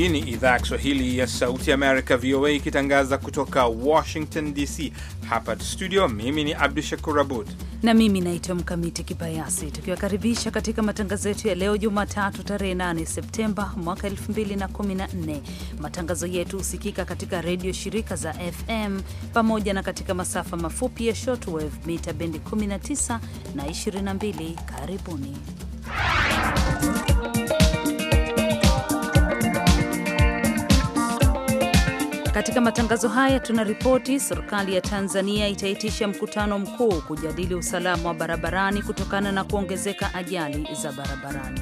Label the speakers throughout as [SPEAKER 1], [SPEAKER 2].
[SPEAKER 1] Hii ni idhaa ya Kiswahili ya Sauti ya Amerika, VOA, ikitangaza kutoka Washington DC. Hapa studio, mimi ni Abdu Shakur Abud
[SPEAKER 2] na mimi naitwa Mkamiti Kibayasi, tukiwakaribisha katika matangazo yetu ya leo Jumatatu tarehe 8 Septemba mwaka 2014. Matangazo yetu husikika katika redio shirika za FM pamoja na katika masafa mafupi ya shortwave mita bendi 19 na 22. Karibuni Katika matangazo haya tuna ripoti, serikali ya Tanzania itaitisha mkutano mkuu kujadili usalama wa barabarani kutokana na kuongezeka ajali za barabarani.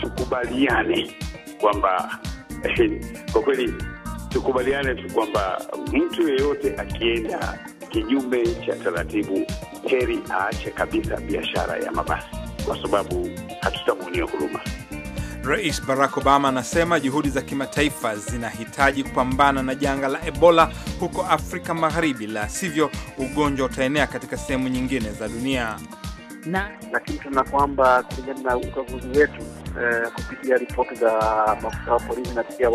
[SPEAKER 3] Tukubaliane kwamba eh, kwa kweli, tukubaliane tu kwamba mtu yeyote akienda kinyume cha taratibu, heri aache kabisa biashara ya mabasi, kwa sababu hatutamuonia huruma.
[SPEAKER 1] Rais Barack Obama anasema juhudi za kimataifa zinahitaji kupambana na janga la Ebola huko Afrika Magharibi, la sivyo ugonjwa utaenea katika sehemu nyingine
[SPEAKER 4] za dunia. Na lakini tuna kwamba kulingana na ukaguzi wetu eh, kupitia ripoti za maafisa wa polisi na pia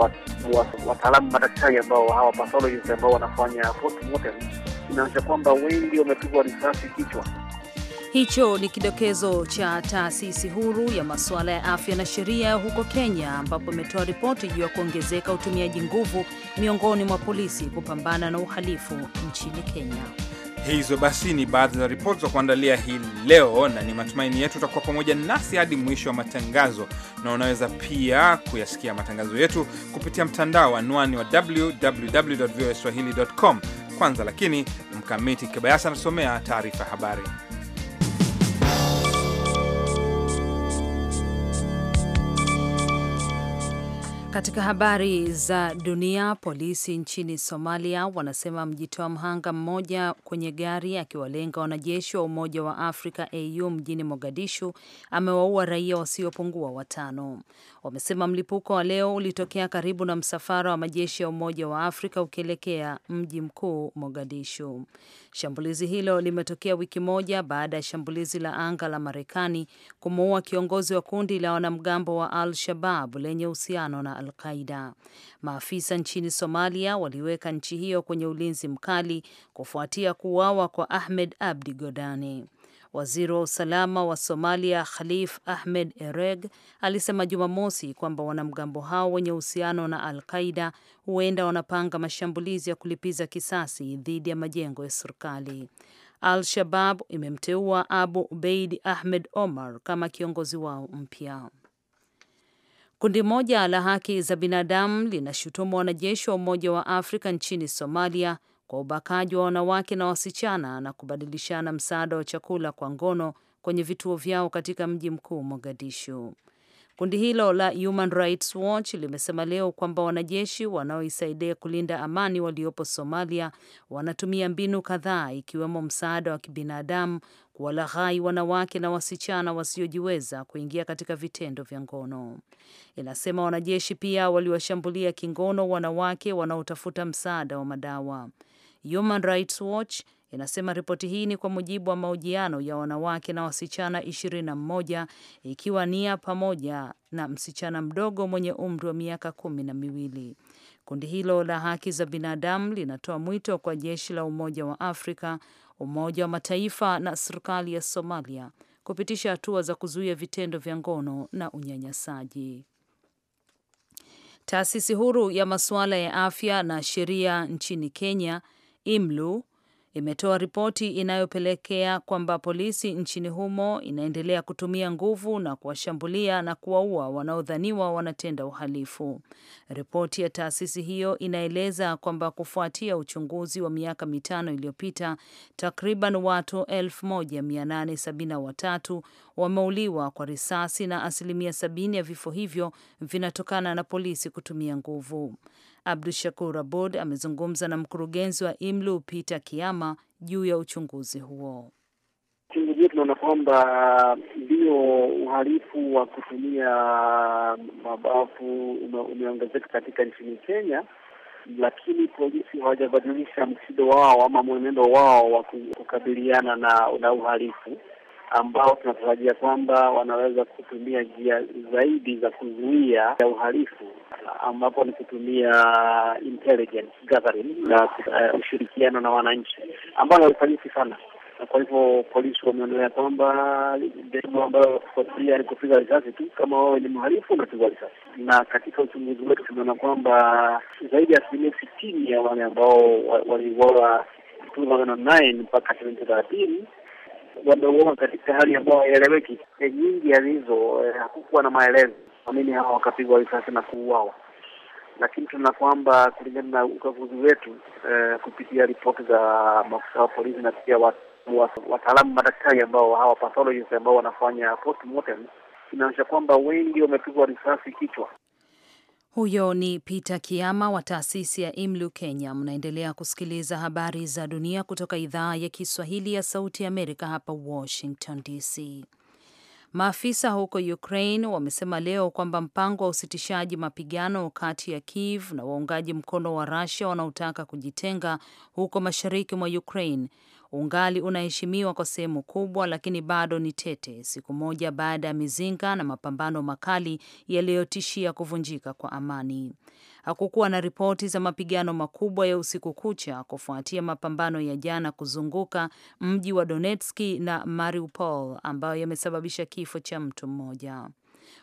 [SPEAKER 4] wataalamu madaktari ambao hawa pathologists ambao wanafanya ripoti moja, inaonyesha kwamba wengi wamepigwa risasi kichwa.
[SPEAKER 2] Hicho ni kidokezo cha taasisi huru ya masuala ya afya na sheria huko Kenya, ambapo imetoa ripoti juu ya kuongezeka utumiaji nguvu miongoni mwa polisi kupambana na uhalifu nchini Kenya.
[SPEAKER 1] Hizo basi ni baadhi za ripoti za kuandalia hii leo, na ni matumaini yetu utakuwa pamoja nasi hadi mwisho wa matangazo, na unaweza pia kuyasikia matangazo yetu kupitia mtandao, anwani wa www voaswahili.com. Kwanza lakini Mkamiti Kibayasi anasomea taarifa habari.
[SPEAKER 2] Katika habari za dunia, polisi nchini Somalia wanasema mjitoa mhanga mmoja kwenye gari akiwalenga wanajeshi wa Umoja wa Afrika AU mjini Mogadishu amewaua raia wasiopungua watano. Wamesema mlipuko wa leo ulitokea karibu na msafara wa majeshi ya Umoja wa Afrika ukielekea mji mkuu Mogadishu. Shambulizi hilo limetokea wiki moja baada ya shambulizi la anga la Marekani kumuua kiongozi wa kundi la wanamgambo wa Al Shabab lenye uhusiano na Al Qaida. Maafisa nchini Somalia waliweka nchi hiyo kwenye ulinzi mkali kufuatia kuuawa kwa Ahmed Abdi Godani. Waziri wa usalama wa Somalia Khalif Ahmed Ereg alisema Jumamosi kwamba wanamgambo hao wenye uhusiano na Al Qaida huenda wanapanga mashambulizi ya kulipiza kisasi dhidi ya majengo ya serikali. Al-Shabab imemteua Abu Ubeid Ahmed Omar kama kiongozi wao mpya. Kundi moja la haki za binadamu linashutumu wanajeshi wa Umoja wa Afrika nchini Somalia kwa ubakaji wa wanawake na wasichana na kubadilishana msaada wa chakula kwa ngono kwenye vituo vyao katika mji mkuu Mogadishu. Kundi hilo la Human Rights Watch limesema leo kwamba wanajeshi wanaoisaidia kulinda amani waliopo Somalia wanatumia mbinu kadhaa ikiwemo msaada wa kibinadamu kuwalaghai wanawake na wasichana wasiojiweza kuingia katika vitendo vya ngono. Inasema wanajeshi pia waliwashambulia kingono wanawake wanaotafuta msaada wa madawa. Human Rights Watch inasema ripoti hii ni kwa mujibu wa mahojiano ya wanawake na wasichana 21 ikiwa nia pamoja na msichana mdogo mwenye umri wa miaka kumi na miwili. Kundi hilo la haki za binadamu linatoa mwito kwa jeshi la Umoja wa Afrika, Umoja wa Mataifa na serikali ya Somalia kupitisha hatua za kuzuia vitendo vya ngono na unyanyasaji. Taasisi huru ya masuala ya afya na sheria nchini Kenya IMLU imetoa ripoti inayopelekea kwamba polisi nchini humo inaendelea kutumia nguvu na kuwashambulia na kuwaua wanaodhaniwa wanatenda uhalifu. Ripoti ya taasisi hiyo inaeleza kwamba kufuatia uchunguzi wa miaka mitano iliyopita, takriban watu 1873 wameuliwa kwa risasi na asilimia 70 ya vifo hivyo vinatokana na polisi kutumia nguvu. Abdu Shakur Abod amezungumza na mkurugenzi wa IMLU Peter Kiama juu ya uchunguzi huo.
[SPEAKER 4] Uchunguzi tunaona kwamba ndio uhalifu wa kutumia mabavu umeongezeka katika nchini Kenya, lakini polisi hawajabadilisha mtindo wao ama mwenendo wao wa kukabiliana na, na uhalifu ambao tunatarajia kwamba wanaweza kutumia njia zaidi za kuzuia ya uhalifu ambapo ni kutumia intelligence gathering na uh, ushirikiano na wananchi ambao walifanyiki sana kwa hivyo polisi wameonelea kwamba jambo ambayo kufuatilia ni kupiga risasi tu, kama wao ni mhalifu unapigwa risasi. Na katika uchunguzi wetu tumeona kwamba zaidi ya asilimia sitini ya wale ambao waliuawa 2009 mpaka 2013 wameuawa katika hali ambayo haieleweki. Nyingi hizo eh, hakukuwa na maelezo, amini hawa wakapigwa risasi na kuuawa, lakini tuna kwamba kulingana na ukaguzi wetu eh, kupitia ripoti za maafisa wa polisi na pia wataalamu madaktari ambao hawa pathologists ambao wanafanya postmortem inaonyesha kwamba wengi wamepigwa
[SPEAKER 2] risasi kichwa huyo ni Peter Kiama wa taasisi ya IMLU Kenya. Mnaendelea kusikiliza habari za dunia kutoka idhaa ya Kiswahili ya Sauti ya Amerika hapa Washington DC. Maafisa huko Ukraine wamesema leo kwamba mpango wa usitishaji mapigano kati ya Kiev na waungaji mkono wa Russia wanaotaka kujitenga huko mashariki mwa Ukraine ungali unaheshimiwa kwa sehemu kubwa, lakini bado ni tete, siku moja baada ya mizinga na mapambano makali yaliyotishia kuvunjika kwa amani. Hakukuwa na ripoti za mapigano makubwa ya usiku kucha kufuatia mapambano ya jana kuzunguka mji wa Donetski na Mariupol ambayo yamesababisha kifo cha mtu mmoja.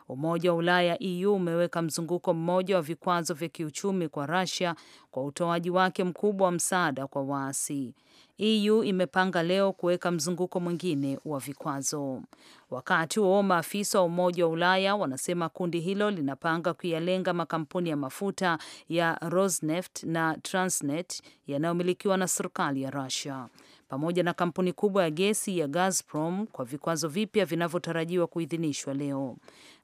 [SPEAKER 2] Umoja wa Ulaya EU umeweka mzunguko mmoja wa vikwazo vya kiuchumi kwa Russia kwa utoaji wake mkubwa wa msaada kwa waasi. EU imepanga leo kuweka mzunguko mwingine wa vikwazo. Wakati huo maafisa wa Umoja wa Ulaya wanasema kundi hilo linapanga kuyalenga makampuni ya mafuta ya Rosneft na Transnet yanayomilikiwa na serikali ya Russia pamoja na kampuni kubwa ya gesi ya Gazprom kwa vikwazo vipya vinavyotarajiwa kuidhinishwa leo.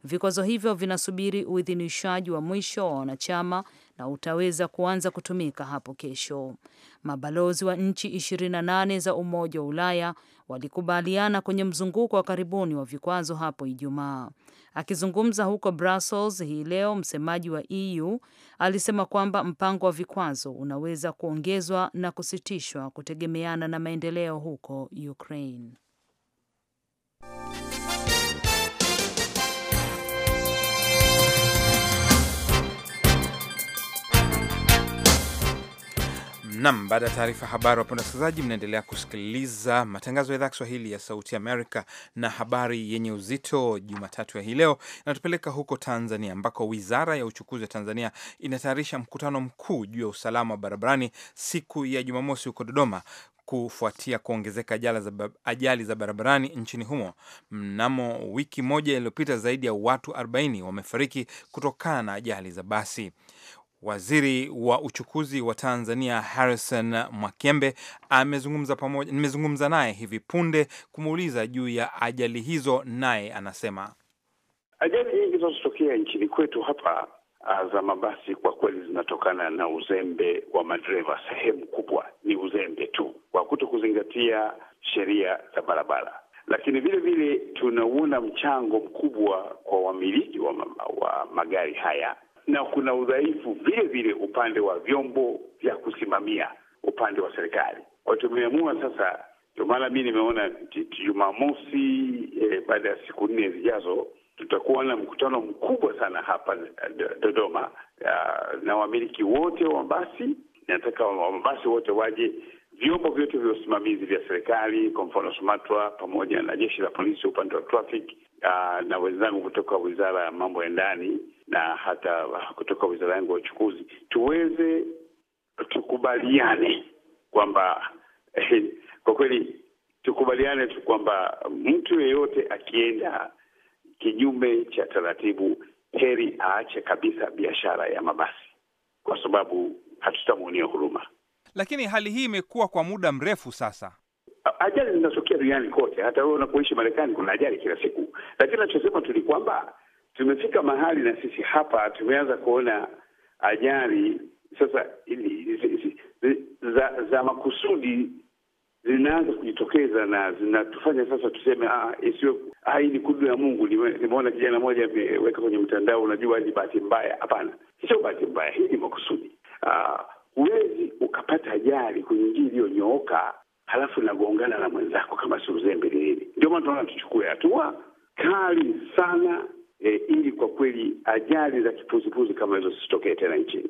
[SPEAKER 2] Vikwazo hivyo vinasubiri uidhinishaji wa mwisho wa wanachama na utaweza kuanza kutumika hapo kesho. Mabalozi wa nchi 28 za Umoja wa Ulaya walikubaliana kwenye mzunguko wa karibuni wa vikwazo hapo Ijumaa. Akizungumza huko Brussels hii leo, msemaji wa EU alisema kwamba mpango wa vikwazo unaweza kuongezwa na kusitishwa kutegemeana na maendeleo huko Ukraine.
[SPEAKER 1] Nam, baada ya taarifa habari, wapenda wasikilizaji, mnaendelea kusikiliza matangazo ya idhaa Kiswahili ya Sauti Amerika, na habari yenye uzito Jumatatu ya hii leo inatupeleka huko Tanzania, ambako wizara ya uchukuzi wa Tanzania inatayarisha mkutano mkuu juu ya usalama wa barabarani siku ya Jumamosi huko Dodoma kufuatia kuongezeka ajali za barabarani nchini humo. Mnamo wiki moja iliyopita, zaidi ya watu 40 wamefariki kutokana na ajali za basi. Waziri wa uchukuzi wa Tanzania Harrison Mwakembe amezungumza pamoja, nimezungumza naye hivi punde kumuuliza juu ya ajali hizo, naye anasema
[SPEAKER 3] ajali nyingi zinazotokea nchini kwetu hapa ah, za mabasi kwa kweli zinatokana na uzembe wa madereva. Sehemu kubwa ni uzembe tu wa kuto kuzingatia sheria za barabara, lakini vile vile tunauona mchango mkubwa kwa wamiliki wa, wa magari haya na kuna udhaifu vile vile upande wa vyombo vya kusimamia upande wa serikali. Kwa tumeamua sasa, ndio maana mi nimeona Jumamosi e, baada ya siku nne zijazo tutakuwa na mkutano mkubwa sana hapa eh, Dodoma ah, na wamiliki wote wa mabasi. Nataka wamabasi wote waje, vyombo vyote vya usimamizi vya serikali, kwa mfano SUMATRA pamoja na jeshi la polisi upande wa traffic, ah, na wenzangu kutoka wizara ya mambo ya ndani na hata kutoka wizara yangu ya uchukuzi, tuweze tukubaliane kwamba eh, kwa kweli tukubaliane tu kwamba mtu yeyote akienda kinyume cha taratibu, heri aache kabisa biashara ya mabasi, kwa sababu hatutamwonia huruma.
[SPEAKER 1] Lakini hali hii imekuwa kwa muda mrefu sasa. Ajali zinatokea duniani kote,
[SPEAKER 3] hata wewe unapoishi Marekani kuna ajali kila siku, lakini nachosema tu ni kwamba tumefika mahali na sisi hapa tumeanza kuona ajali sasa ili, za, za makusudi zinaanza kujitokeza na zinatufanya sasa tuseme ah, isiwe ah, hii ni kudu ya Mungu. Nimeona kijana mmoja ameweka kwenye mtandao, unajua ni bahati mbaya. Hapana, sio bahati mbaya, hii ni makusudi. Ah, huwezi ukapata ajali kwenye njia iliyonyooka halafu nagongana na mwenzako kama si uzembe. Nini? Ndio maana tunaona tuchukue hatua kali sana e, ili kwa kweli ajali za kipuzupuzu kama hizo zisitokee tena nchini.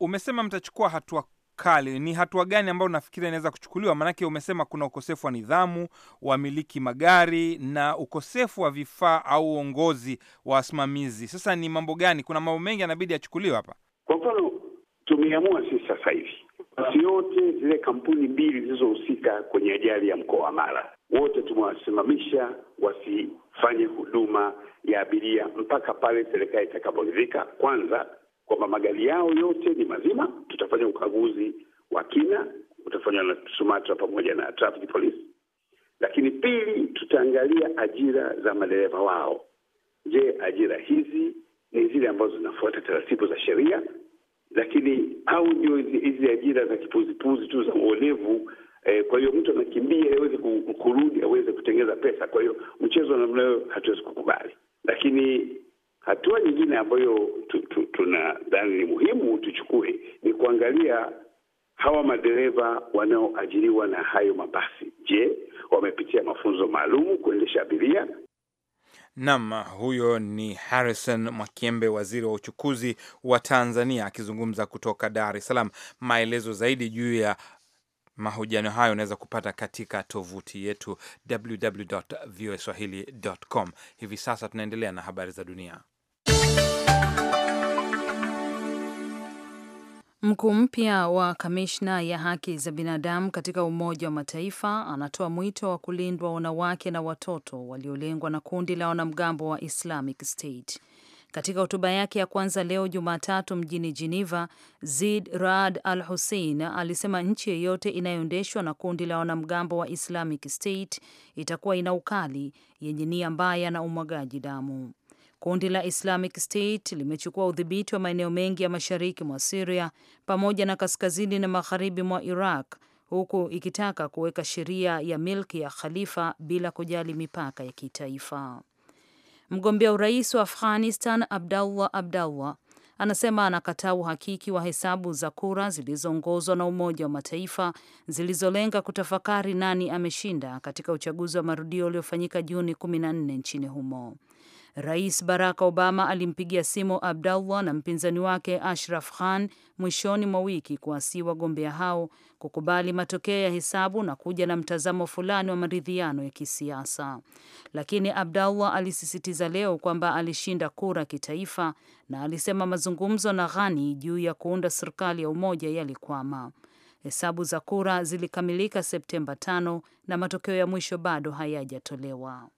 [SPEAKER 1] Umesema mtachukua hatua kali. Ni hatua gani ambayo nafikiri inaweza kuchukuliwa? Maanake umesema kuna ukosefu wa nidhamu, wamiliki magari na ukosefu wa vifaa au uongozi wa wasimamizi. Sasa ni mambo gani? Kuna mambo mengi yanabidi yachukuliwe hapa. Kwa mfano,
[SPEAKER 3] tumeamua sisi sasa hivi basi yote zile kampuni mbili zilizohusika kwenye ajali ya mkoa wa Mara wote tumewasimamisha wasifanye huduma ya abiria mpaka pale serikali itakaporidhika kwanza kwamba magari yao yote ni mazima. Tutafanya ukaguzi wa kina utafanywa na SUMATRA pamoja na traffic police, lakini pili, tutaangalia ajira za madereva wao. Je, ajira hizi ni zile ambazo zinafuata taratibu za sheria, lakini au ndio hizi ajira za kipuzipuzi tu za uonevu Eh, kwa hiyo mtu anakimbia aweze kurudi aweze kutengeza pesa. Kwa hiyo mchezo namna hiyo hatuwezi kukubali, lakini hatua nyingine ambayo tunadhani ni muhimu tuchukue ni kuangalia hawa madereva wanaoajiriwa na hayo mabasi, je, wamepitia mafunzo maalum kuendesha abiria?
[SPEAKER 1] Naam, huyo ni Harrison Mwakiembe, waziri wa uchukuzi wa Tanzania akizungumza kutoka Dar es Salaam. Maelezo zaidi juu ya mahojiano hayo unaweza kupata katika tovuti yetu www.voaswahili.com. Hivi sasa tunaendelea na habari za dunia.
[SPEAKER 2] Mkuu mpya wa kamishna ya haki za binadamu katika Umoja wa Mataifa anatoa mwito wa kulindwa wanawake na watoto waliolengwa na kundi la wanamgambo wa Islamic State. Katika hotuba yake ya kwanza leo Jumatatu mjini Geneva, Zid Raad Al Hussein alisema nchi yeyote inayoendeshwa na kundi la wanamgambo wa Islamic State itakuwa ina ukali, yenye nia mbaya na umwagaji damu. Kundi la Islamic State limechukua udhibiti wa maeneo mengi ya mashariki mwa Siria pamoja na kaskazini na magharibi mwa Iraq, huku ikitaka kuweka sheria ya milki ya khalifa bila kujali mipaka ya kitaifa. Mgombea urais wa Afghanistan Abdallah Abdallah anasema anakataa uhakiki wa hesabu za kura zilizoongozwa na Umoja wa Mataifa zilizolenga kutafakari nani ameshinda katika uchaguzi wa marudio uliofanyika Juni 14 nchini humo. Rais Barack Obama alimpigia simu Abdallah na mpinzani wake Ashraf Khan mwishoni mwa wiki kuwasii wagombea hao kukubali matokeo ya hesabu na kuja na mtazamo fulani wa maridhiano ya kisiasa. Lakini Abdallah alisisitiza leo kwamba alishinda kura kitaifa na alisema mazungumzo na Ghani juu ya kuunda serikali ya umoja yalikwama. Hesabu za kura zilikamilika Septemba tano na matokeo ya mwisho bado hayajatolewa.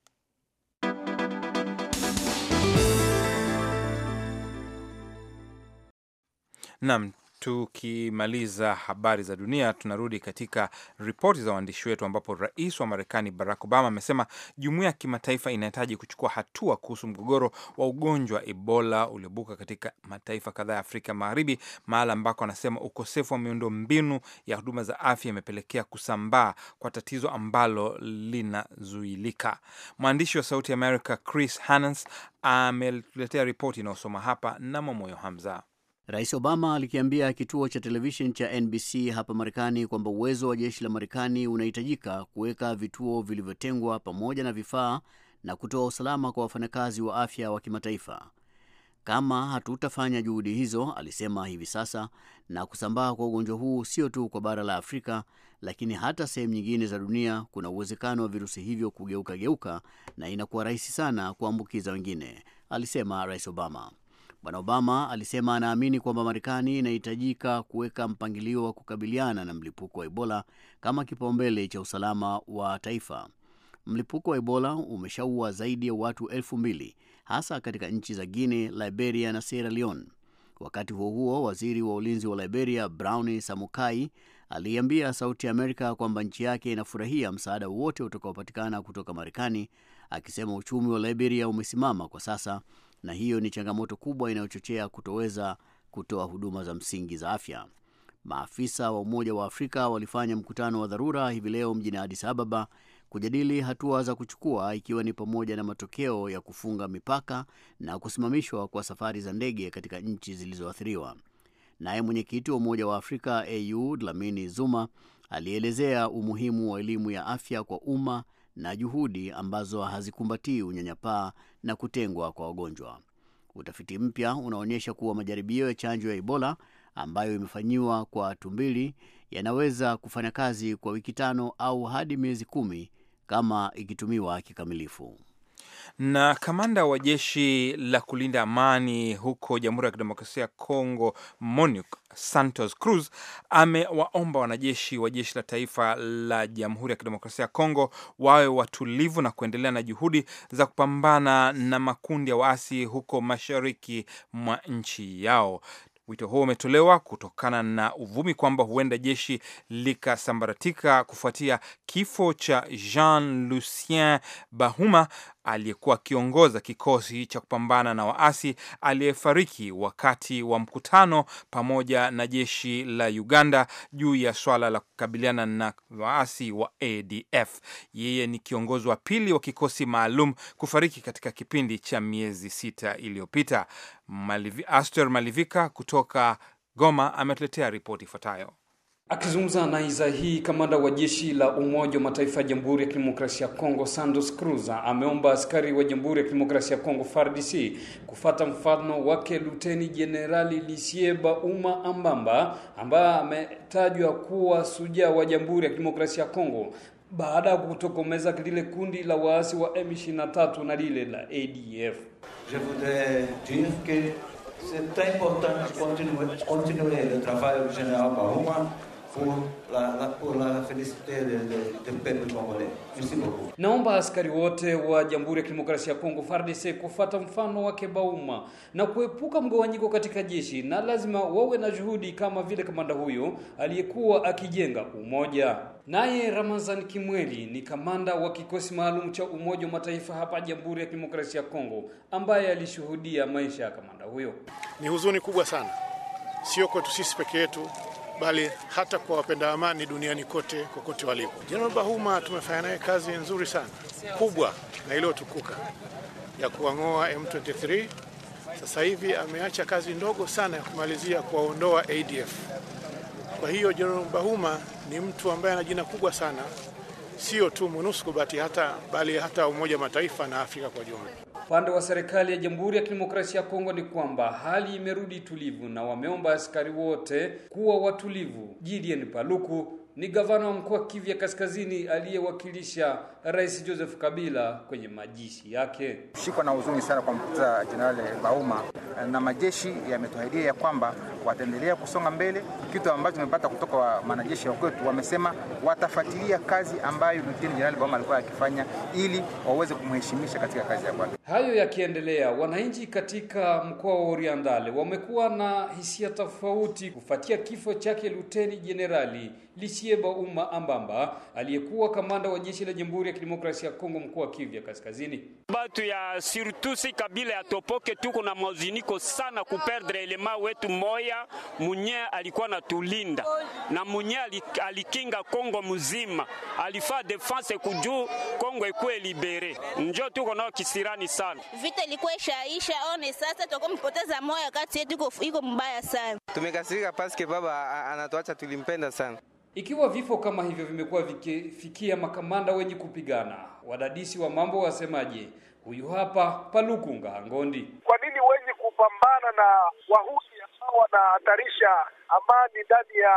[SPEAKER 1] Naam, tukimaliza habari za dunia, tunarudi katika ripoti za waandishi wetu, ambapo rais wa Marekani Barack Obama amesema jumuiya ya kimataifa inahitaji kuchukua hatua kuhusu mgogoro wa ugonjwa wa Ebola uliobuka katika mataifa kadhaa ya Afrika Magharibi, mahala ambako anasema ukosefu wa miundo mbinu ya huduma za afya imepelekea kusambaa kwa tatizo ambalo linazuilika. Mwandishi wa Sauti ya America Chris Hanans ametuletea ripoti inayosoma hapa na mamoyo Hamza. Rais Obama alikiambia kituo cha televisheni cha NBC
[SPEAKER 5] hapa Marekani kwamba uwezo wa jeshi la Marekani unahitajika kuweka vituo vilivyotengwa pamoja na vifaa na kutoa usalama kwa wafanyakazi wa afya wa kimataifa. Kama hatutafanya juhudi hizo, alisema, hivi sasa na kusambaa kwa ugonjwa huu sio tu kwa bara la Afrika, lakini hata sehemu nyingine za dunia, kuna uwezekano wa virusi hivyo kugeuka geuka na inakuwa rahisi sana kuambukiza wengine, alisema Rais Obama. Bwana Obama alisema anaamini kwamba Marekani inahitajika kuweka mpangilio wa kukabiliana na mlipuko wa Ebola kama kipaumbele cha usalama wa taifa. Mlipuko wa Ebola umeshaua zaidi ya watu elfu mbili hasa katika nchi za Guinea, Liberia na Sierra Leone. Wakati huo huo, waziri wa ulinzi wa Liberia Browni Samukai aliambia Sauti ya Amerika kwamba nchi yake inafurahia msaada wote utakaopatikana kutoka Marekani, akisema uchumi wa Liberia umesimama kwa sasa na hiyo ni changamoto kubwa inayochochea kutoweza kutoa huduma za msingi za afya. Maafisa wa Umoja wa Afrika walifanya mkutano wa dharura hivi leo mjini Addis Ababa kujadili hatua za kuchukua ikiwa ni pamoja na matokeo ya kufunga mipaka na kusimamishwa kwa safari za ndege katika nchi zilizoathiriwa. Naye mwenyekiti wa Umoja wa Afrika AU Dlamini Zuma alielezea umuhimu wa elimu ya afya kwa umma na juhudi ambazo hazikumbatii unyanyapaa na kutengwa kwa wagonjwa. Utafiti mpya unaonyesha kuwa majaribio ya chanjo ya Ebola ambayo imefanyiwa kwa tumbili yanaweza kufanya kazi kwa wiki tano au hadi miezi kumi kama ikitumiwa kikamilifu.
[SPEAKER 1] Na kamanda wa jeshi la kulinda amani huko Jamhuri ya Kidemokrasia ya Kongo, MONUC, Santos Cruz amewaomba wanajeshi wa jeshi la taifa la Jamhuri ya Kidemokrasia ya Kongo wawe watulivu na kuendelea na juhudi za kupambana na makundi ya waasi huko mashariki mwa nchi yao. Wito huo umetolewa kutokana na uvumi kwamba huenda jeshi likasambaratika kufuatia kifo cha Jean Lucien Bahuma, aliyekuwa akiongoza kikosi cha kupambana na waasi aliyefariki wakati wa mkutano pamoja na jeshi la Uganda juu ya swala la kukabiliana na waasi wa ADF. Yeye ni kiongozi wa pili wa kikosi maalum kufariki katika kipindi cha miezi sita iliyopita. Malivi, Aster Malivika kutoka Goma ametuletea ripoti ifuatayo.
[SPEAKER 6] Akizungumza na iza hii, kamanda wa jeshi la Umoja wa Mataifa ya Jamhuri ya Kidemokrasia ya Kongo Santos Cruz ameomba askari wa Jamhuri ya Kidemokrasia ya Kongo FARDC kufata mfano wake Luteni Jenerali Lisieba Uma Ambamba ambaye ametajwa kuwa sujaa wa Jamhuri ya Kidemokrasia ya Kongo baada ya kutokomeza lile kundi la waasi wa M23 na lile la ADF. Je voudrais dire que c'est important de continuer, continuer le travail du général Bahuma pour la, la, pour la félicité de peuple congolais. Merci beaucoup. Naomba askari wote wa Jamhuri ya Kidemokrasia ya Kongo FARDC kufuata mfano wake Bauma na kuepuka mgawanyiko katika jeshi, na lazima wawe na juhudi kama vile kamanda huyo aliyekuwa akijenga umoja. Naye Ramazan Kimweli ni kamanda wa kikosi maalum cha Umoja wa Mataifa hapa Jamhuri ya Kidemokrasia ya Kongo ambaye alishuhudia maisha ya kamanda huyo. Ni huzuni kubwa sana, sio kwetu sisi peke yetu bali hata kwa
[SPEAKER 7] wapenda amani duniani kote kokote walipo. Jenerali Bahuma tumefanya naye kazi nzuri sana kubwa na iliyotukuka ya kuwang'oa M23. Sasa hivi ameacha kazi ndogo sana ya kumalizia kuwaondoa ADF. Kwa hiyo Jenerali Bahuma ni mtu ambaye ana jina kubwa sana, sio tu MONUSCO hata bali
[SPEAKER 6] hata Umoja Mataifa na Afrika kwa jumla. Upande wa serikali ya Jamhuri ya Kidemokrasia ya Kongo ni kwamba hali imerudi tulivu na wameomba askari wote kuwa watulivu. Gideon Paluku ni gavana wa mkoa Kivu ya Kaskazini aliyewakilisha Rais Joseph Kabila kwenye majishi yake.
[SPEAKER 1] Shikwa na huzuni sana kwa mkuta Jenerali Bauma na majeshi yametuahidia ya kwamba wataendelea kusonga mbele, kitu ambacho nimepata kutoka wa wanajeshi wakwetu, wamesema watafuatilia kazi ambayo Luteni Jenerali Bahama alikuwa akifanya ili waweze kumheshimisha katika kazi ya kwake.
[SPEAKER 6] Hayo yakiendelea, wananchi katika mkoa wa Oriandale wamekuwa na hisia tofauti kufuatia kifo chake Luteni Jenerali Lisieba Uma Ambamba aliyekuwa kamanda wa jeshi la Jamhuri ya Kidemokrasia ya Kongo mkoa wa Kivu Kaskazini. Batu ya sirtusi kabila ya Topoke tuko na mauziniko sana kuperdre elema wetu moya pia munye alikuwa natulinda na munye alikinga Kongo mzima, alifaa defense kujuu Kongo ikuwe libere. Njo tuko nao kisirani
[SPEAKER 8] sana,
[SPEAKER 2] vita ilikuwa ishaisha one, oh, sasa tuko mpoteza moya kati yetu, iko mbaya sana.
[SPEAKER 8] Tumekasirika paske baba anatuacha, tulimpenda sana.
[SPEAKER 6] Ikiwa vifo kama hivyo vimekuwa vikifikia makamanda wenye kupigana, wadadisi wa mambo wasemaje? Huyu hapa Paluku Ngahangondi. Kwa nini wenye kupambana
[SPEAKER 3] na wahusi ambao wanahatarisha amani ndani ya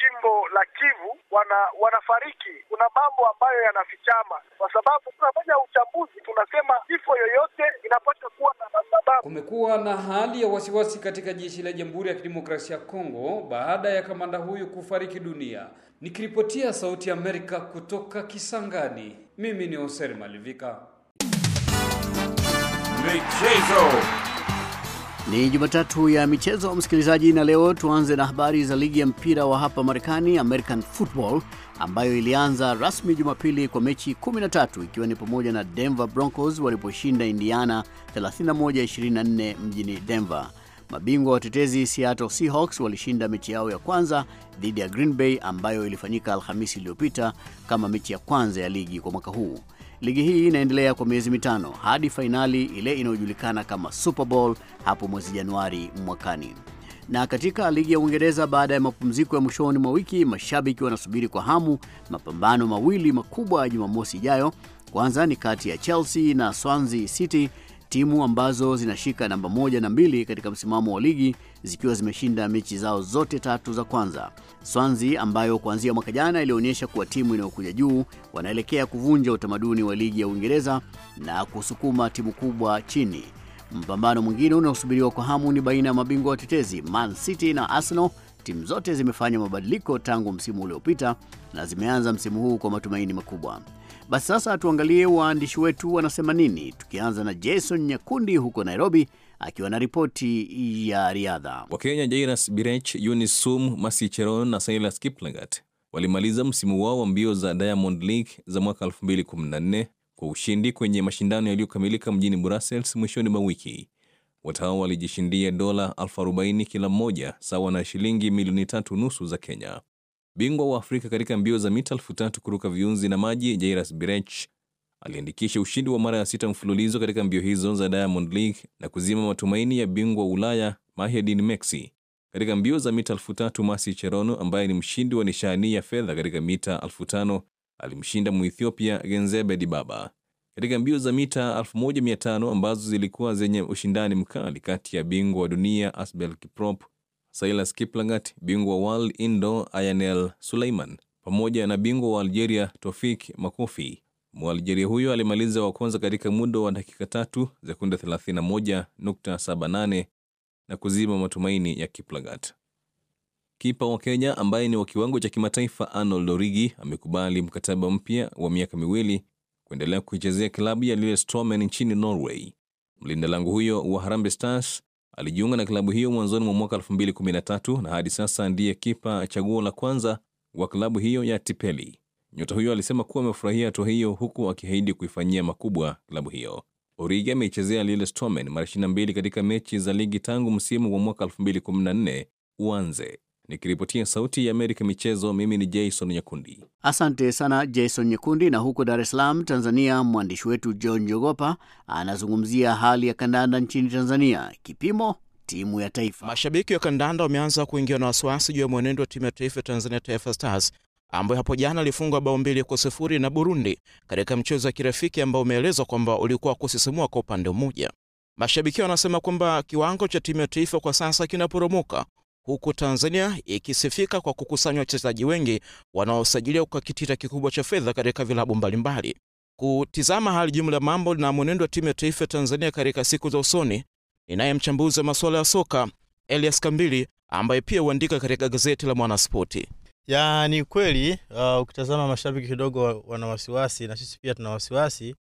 [SPEAKER 3] jimbo la Kivu wana, wanafariki. Kuna mambo ambayo yanafichama, kwa sababu
[SPEAKER 6] tunafanya uchambuzi, tunasema kifo yoyote inapaswa kuwa na sababu. Kumekuwa na hali ya wasiwasi katika jeshi la Jamhuri ya Kidemokrasia ya Kongo baada ya kamanda huyu kufariki dunia. Nikiripotia Sauti ya Amerika kutoka Kisangani, mimi ni Hoser Malivika. Michezo.
[SPEAKER 5] Ni Jumatatu ya michezo msikilizaji, na leo tuanze na habari za ligi ya mpira wa hapa Marekani, American Football, ambayo ilianza rasmi Jumapili kwa mechi 13 ikiwa ni pamoja na Denver Broncos waliposhinda Indiana 31-24 mjini Denver. Mabingwa watetezi Seattle Seahawks walishinda mechi yao ya kwanza dhidi ya Green Bay ambayo ilifanyika Alhamisi iliyopita kama mechi ya kwanza ya ligi kwa mwaka huu. Ligi hii inaendelea kwa miezi mitano hadi fainali ile inayojulikana kama Super Bowl hapo mwezi Januari mwakani. Na katika ligi ya Uingereza, baada ya mapumziko ya mwishoni mwa wiki, mashabiki wanasubiri kwa hamu mapambano mawili makubwa ya Jumamosi ijayo. Kwanza ni kati ya Chelsea na Swansea City timu ambazo zinashika namba moja na mbili katika msimamo wa ligi zikiwa zimeshinda mechi zao zote tatu za kwanza. swanzi ambayo kuanzia mwaka jana ilionyesha kuwa timu inayokuja juu, wanaelekea kuvunja utamaduni wa ligi ya Uingereza na kusukuma timu kubwa chini. Mpambano mwingine unaosubiriwa kwa hamu ni baina ya mabingwa watetezi Man City na Arsenal Timu zote zimefanya mabadiliko tangu msimu uliopita na zimeanza msimu huu kwa matumaini makubwa. Basi sasa tuangalie waandishi wetu wanasema nini, tukianza na Jason Nyakundi huko Nairobi akiwa na ripoti ya riadha.
[SPEAKER 9] Wakenya Jairas Birech, yuni Sum, Masi Cheron na Silas Kiplagat walimaliza msimu wao wa mbio za Diamond League za mwaka 2014 kwa ushindi kwenye mashindano yaliyokamilika mjini Brussels mwishoni mwa wiki. Watao walijishindia dola 40 kila mmoja sawa na shilingi milioni tatu nusu za Kenya. Bingwa wa Afrika katika mbio za mita elfu tatu kuruka viunzi na maji Jairus Birech aliandikisha ushindi wa mara ya sita mfululizo katika mbio hizo za Diamond League na kuzima matumaini ya bingwa wa Ulaya mahedin Mexi. Katika mbio za mita elfu tatu Masi Cherono ambaye ni mshindi wa nishani ya fedha katika mita elfu tano alimshinda Muethiopia Genzebe Dibaba katika mbio za mita 1500 ambazo zilikuwa zenye ushindani mkali kati ya bingwa wa dunia Asbel Kiprop, Silas Kiplagat, bingwa wa world indo Ayanel Suleiman pamoja na bingwa wa Algeria Tofik Makofi. Mwalgeria huyo alimaliza wa kwanza katika muda wa dakika tatu sekunde 31.78 na kuzima matumaini ya Kiplagat. Kipa wa Kenya ambaye ni wa kiwango cha kimataifa Arnold Origi amekubali mkataba mpya wa miaka miwili kuendelea kuichezea klabu ya Lille Stormen nchini Norway. Mlinda lango huyo wa Harambee Stars alijiunga na klabu hiyo mwanzoni mwa mwaka 2013 na hadi sasa ndiye kipa chaguo la kwanza wa klabu hiyo ya Tipeli. Nyota huyo alisema kuwa amefurahia hatua hiyo huku akiahidi kuifanyia makubwa klabu hiyo. Origi ameichezea Lille Stormen mara 22 katika mechi za ligi tangu msimu wa mwaka 2014 uanze. Nikiripotia Sauti ya Amerika michezo, mimi ni Jason Nyakundi.
[SPEAKER 5] Asante sana Jason Nyakundi. Na huko Dar es Salaam, Tanzania, mwandishi wetu John jogopa anazungumzia hali ya kandanda nchini Tanzania, kipimo timu ya taifa.
[SPEAKER 7] Mashabiki wa kandanda wameanza kuingiwa na wasiwasi juu ya mwenendo wa timu ya taifa ya Tanzania, Taifa Stars, ambayo hapo jana alifungwa bao mbili kwa sifuri na Burundi katika mchezo wa kirafiki ambao umeelezwa kwamba ulikuwa kusisimua kwa upande mmoja. Mashabiki wanasema kwamba kiwango cha timu ya taifa kwa sasa kinaporomoka huku Tanzania ikisifika kwa kukusanya wachezaji wengi wanaosajiliwa kwa kitita kikubwa cha fedha katika vilabu mbalimbali. Kutizama hali jumla ya mambo na mwenendo wa timu ya taifa ya Tanzania katika siku za usoni, ninaye mchambuzi wa masuala ya soka Elias Kambili ambaye pia huandika katika gazeti la Mwanaspoti.
[SPEAKER 8] Ya, ni kweli uh, ukitazama mashabiki kidogo wana wasiwasi na sisi pia tuna wasiwasi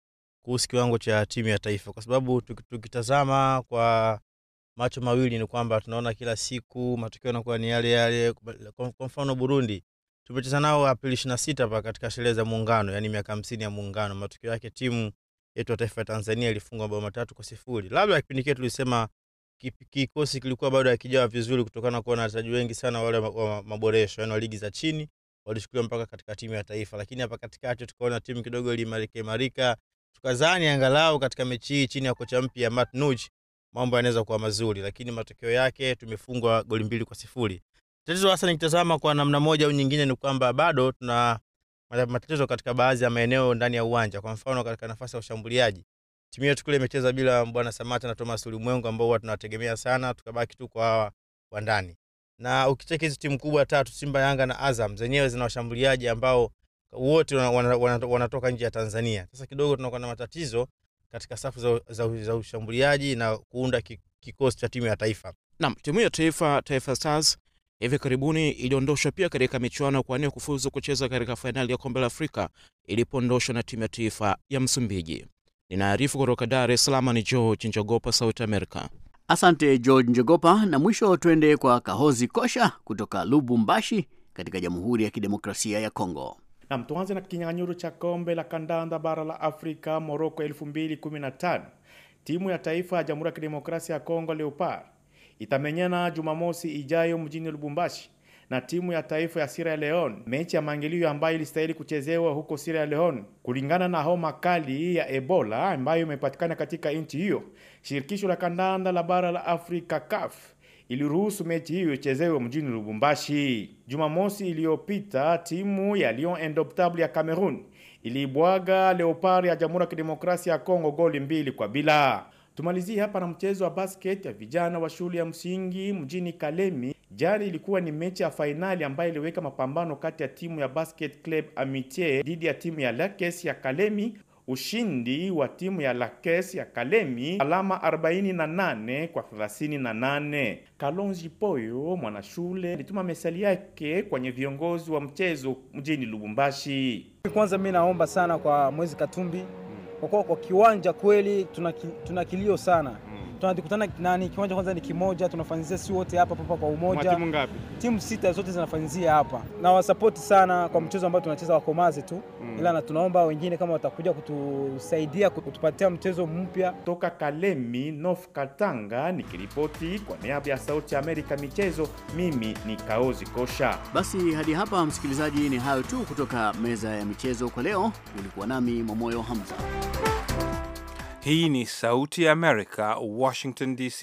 [SPEAKER 8] kuhusu kiwango cha timu ya taifa, kwa sababu tukitazama kwa macho mawili ni kwamba tunaona kila siku matokeo yanakuwa ni yale yale. Kwa mfano Burundi tumecheza nao Aprili ishirini na sita pa katika sherehe za Muungano, yani miaka hamsini ya Muungano. Matokeo yake timu yetu ya taifa ya Tanzania ilifungwa mabao matatu kwa sifuri. Labda kipindi kile tulisema kikosi kilikuwa bado hakijawa vizuri kutokana na kuwa na wachezaji wengi sana wale wa maboresho, yani wa ligi za chini walishukuliwa mpaka katika timu ya taifa, lakini hapa katikati tukaona timu kidogo ilimarika marika, tukazani angalau katika mechi hii chini ya kocha mpya Matt Nuge mambo yanaweza kuwa mazuri, lakini matokeo yake tumefungwa goli mbili kwa sifuri. Tatizo hasa nikitazama kwa namna moja au nyingine ni kwamba bado tuna matatizo katika baadhi ya maeneo ndani ya uwanja. Kwa mfano, katika nafasi ya ushambuliaji timu yetu kule imecheza bila bwana Samata na Thomas Ulimwengu ambao huwa tunawategemea sana, tukabaki tu kwa hawa wa ndani. Na ukicheki hizi timu kubwa tatu, Simba, Yanga na Azam, zenyewe zina washambuliaji ambao wote wanatoka nje ya Tanzania. Sasa kidogo tunakuwa na matatizo katika safu za, za, za ushambuliaji na kuunda kikosi cha timu ya taifa.
[SPEAKER 7] Naam, timu ya taifa Taifa Stars hivi karibuni iliondoshwa pia katika michuano kwa nia kufuzu kucheza katika fainali ya kombe la Afrika ilipoondoshwa na timu ya taifa ya Msumbiji.
[SPEAKER 5] Ninaarifu kutoka Dar es Salaam ni George Njogopa, South America. Asante George Njogopa. Na mwisho twende kwa Kahozi Kosha kutoka Lubumbashi katika Jamhuri ya Kidemokrasia ya Kongo.
[SPEAKER 7] Nam, tuanze na kinyang'anyiro cha kombe la kandanda bara la Afrika Moroko 2015. Timu ya taifa ya Jamhuri ya Kidemokrasia ya Kongo Leopard itamenyana Jumamosi ijayo mjini Lubumbashi na timu ya taifa ya Sierra Leone, mechi ya maingilio ambayo ilistahili kuchezewa huko Sierra Leone kulingana na homa kali ya Ebola ambayo imepatikana katika nchi hiyo. Shirikisho la kandanda la bara la Afrika CAF iliruhusu mechi hiyo ichezewe mjini Lubumbashi. Jumamosi iliyopita timu ya Lyon Indomptable ya Cameroon iliibwaga Leopard ya Jamhuri ya Kidemokrasia ya Kongo goli mbili kwa bila. Tumalizie hapa na mchezo wa basket ya vijana wa shule ya msingi mjini Kalemi. Jana ilikuwa ni mechi ya fainali ambayo iliweka mapambano kati ya timu ya Basket Club Amitié dhidi ya timu ya Lakes ya Kalemi ushindi wa timu ya Lakes ya Kalemi alama 48 kwa 38. Kalonji Poyo mwanashule alituma mesali yake kwenye viongozi wa mchezo mjini Lubumbashi. Kwanza mimi naomba sana kwa mwezi Katumbi kwa kuwa kwa kiwanja kweli tuna, tuna kilio sana tunakutana nani, kiwanja kwanza ni kimoja, tunafanyizia si wote hapa hapa kwa umoja. Timu ngapi? Timu sita zote zinafanyizia hapa, na wasapoti sana kwa mchezo ambao tunacheza Komazi tu mm. Ila na tunaomba wengine kama watakuja kutusaidia kutupatia mchezo mpya. Toka Kalemi North Katanga nikiripoti kwa
[SPEAKER 5] niaba ya Sauti ya Amerika michezo, mimi ni Kaozi Kosha. Basi hadi hapa msikilizaji, ni hayo tu kutoka meza ya michezo kwa leo. Ulikuwa nami Momoyo Hamza.
[SPEAKER 1] Hii ni Sauti ya Amerika, Washington DC.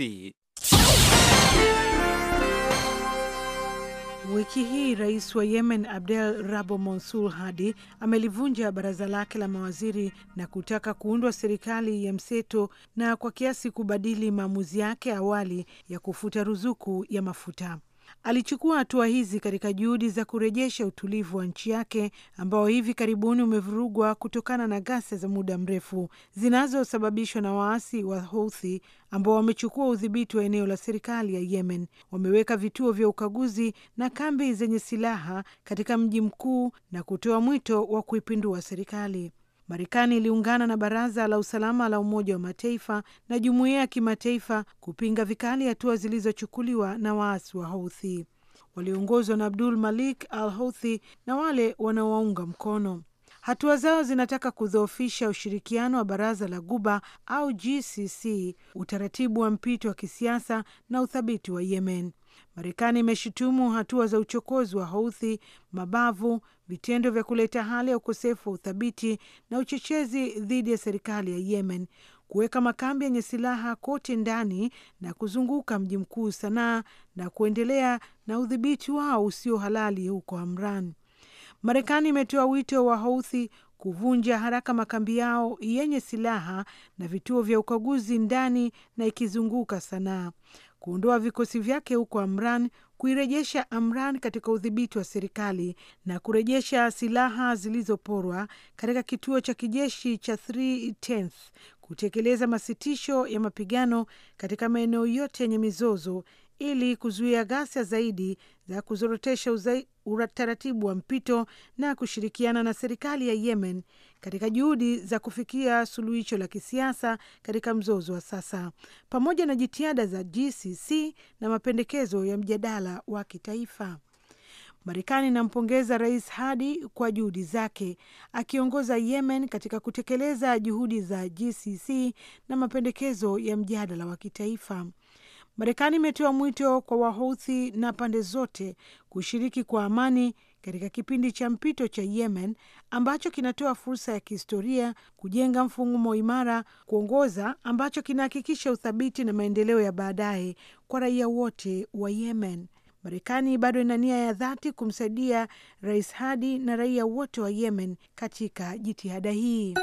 [SPEAKER 10] Wiki hii rais wa Yemen Abdel Rabo Mansur Hadi amelivunja baraza lake la mawaziri na kutaka kuundwa serikali ya mseto na kwa kiasi kubadili maamuzi yake awali ya kufuta ruzuku ya mafuta. Alichukua hatua hizi katika juhudi za kurejesha utulivu wa nchi yake ambao hivi karibuni umevurugwa kutokana na ghasia za muda mrefu zinazosababishwa na waasi wa Houthi ambao wamechukua udhibiti wa eneo la serikali ya Yemen. Wameweka vituo vya ukaguzi na kambi zenye silaha katika mji mkuu na kutoa mwito wa kuipindua serikali. Marekani iliungana na Baraza la Usalama la Umoja wa Mataifa na jumuiya ya kimataifa kupinga vikali hatua zilizochukuliwa na waasi wa Houthi walioongozwa na Abdul Malik al Houthi na wale wanaowaunga mkono. Hatua zao zinataka kudhoofisha ushirikiano wa Baraza la Guba au GCC, utaratibu wa mpito wa kisiasa na uthabiti wa Yemen. Marekani imeshutumu hatua za uchokozi wa Houthi, mabavu vitendo vya kuleta hali ya ukosefu wa uthabiti na uchochezi dhidi ya serikali ya Yemen, kuweka makambi yenye silaha kote ndani na kuzunguka mji mkuu Sanaa na kuendelea na udhibiti wao usio halali huko Amran. Marekani imetoa wito wa Houthi kuvunja haraka makambi yao yenye silaha na vituo vya ukaguzi ndani na ikizunguka Sanaa, kuondoa vikosi vyake huko Amran kuirejesha Amran katika udhibiti wa serikali na kurejesha silaha zilizoporwa katika kituo cha kijeshi cha 310 kutekeleza masitisho ya mapigano katika maeneo yote yenye mizozo ili kuzuia ghasia zaidi za kuzorotesha utaratibu wa mpito na kushirikiana na serikali ya Yemen katika juhudi za kufikia suluhisho la kisiasa katika mzozo wa sasa, pamoja na jitihada za GCC na mapendekezo ya mjadala wa kitaifa. Marekani inampongeza Rais Hadi kwa juhudi zake akiongoza Yemen katika kutekeleza juhudi za GCC na mapendekezo ya mjadala wa kitaifa. Marekani imetoa mwito kwa Wahouthi na pande zote kushiriki kwa amani katika kipindi cha mpito cha Yemen ambacho kinatoa fursa ya kihistoria kujenga mfumo imara kuongoza, ambacho kinahakikisha uthabiti na maendeleo ya baadaye kwa raia wote wa Yemen. Marekani bado ina nia ya dhati kumsaidia Rais Hadi na raia wote wa Yemen katika jitihada hii.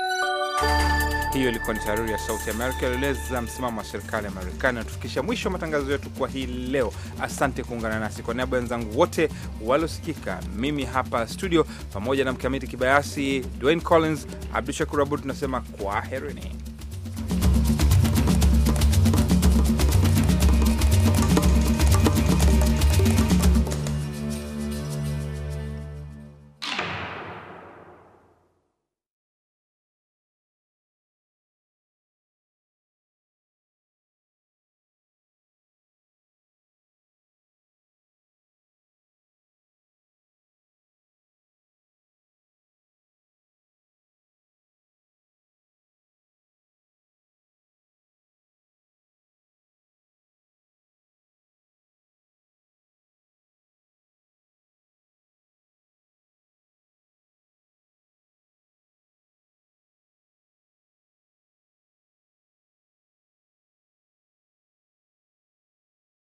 [SPEAKER 1] Hiyo ilikuwa ni tahariri ya Sauti Amerika ilieleza msimamo wa serikali ya Marekani. Natufikisha mwisho wa matangazo yetu kwa hii leo. Asante kuungana nasi. Kwa niaba ya wenzangu wote waliosikika, mimi hapa studio pamoja na Mkamiti Kibayasi, Dwayne Collins, Abdu Shakur Abud, tunasema kwaherini.